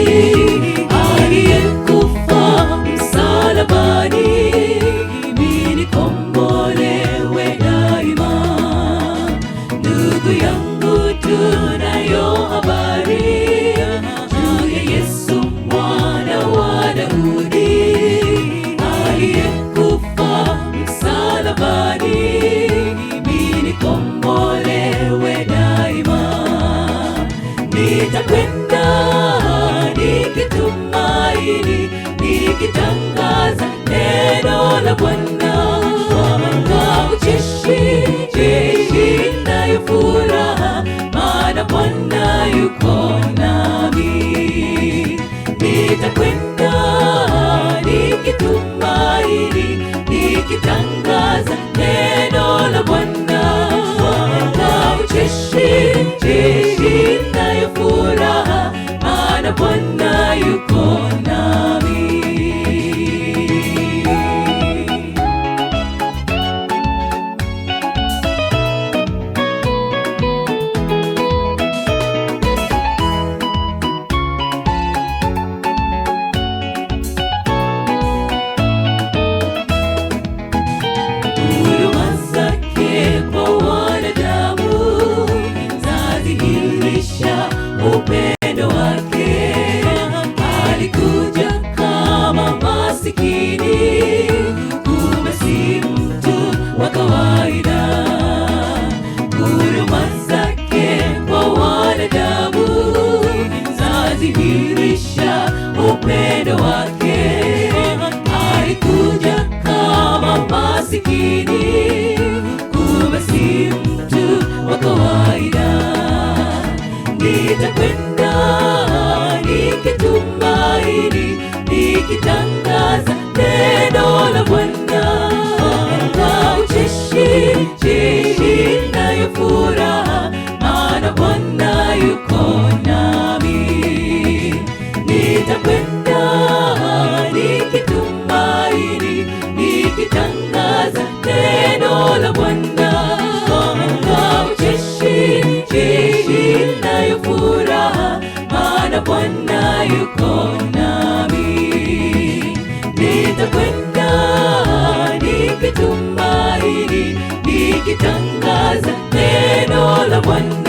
You. nikitangaza neno la Bwana, mwanga ucheshi jeshi, nayo furaha, maana Bwana yuko nami. Nitakwenda nikitumaini, nikitangaza neno la Bwana, mwanga ucheshi upendo wake alikuja kama masikini, kumbe si mtu wa kawaida. Huruma zake kwa wanadamu zadhihirisha upendo wake. Alikuja kama masikini, kumbe si nitakwenda nikitumaini, nikitangaza neno la Bwana Na ucheshi, jeshi nayo furaha, maana Bwana yuko nami. Nitakwenda nikitumaini, nikitangaza neno la Bwana maana Bwana yuko nami. Nitakwenda nikitumaini, nikitangaza neno la Bwana.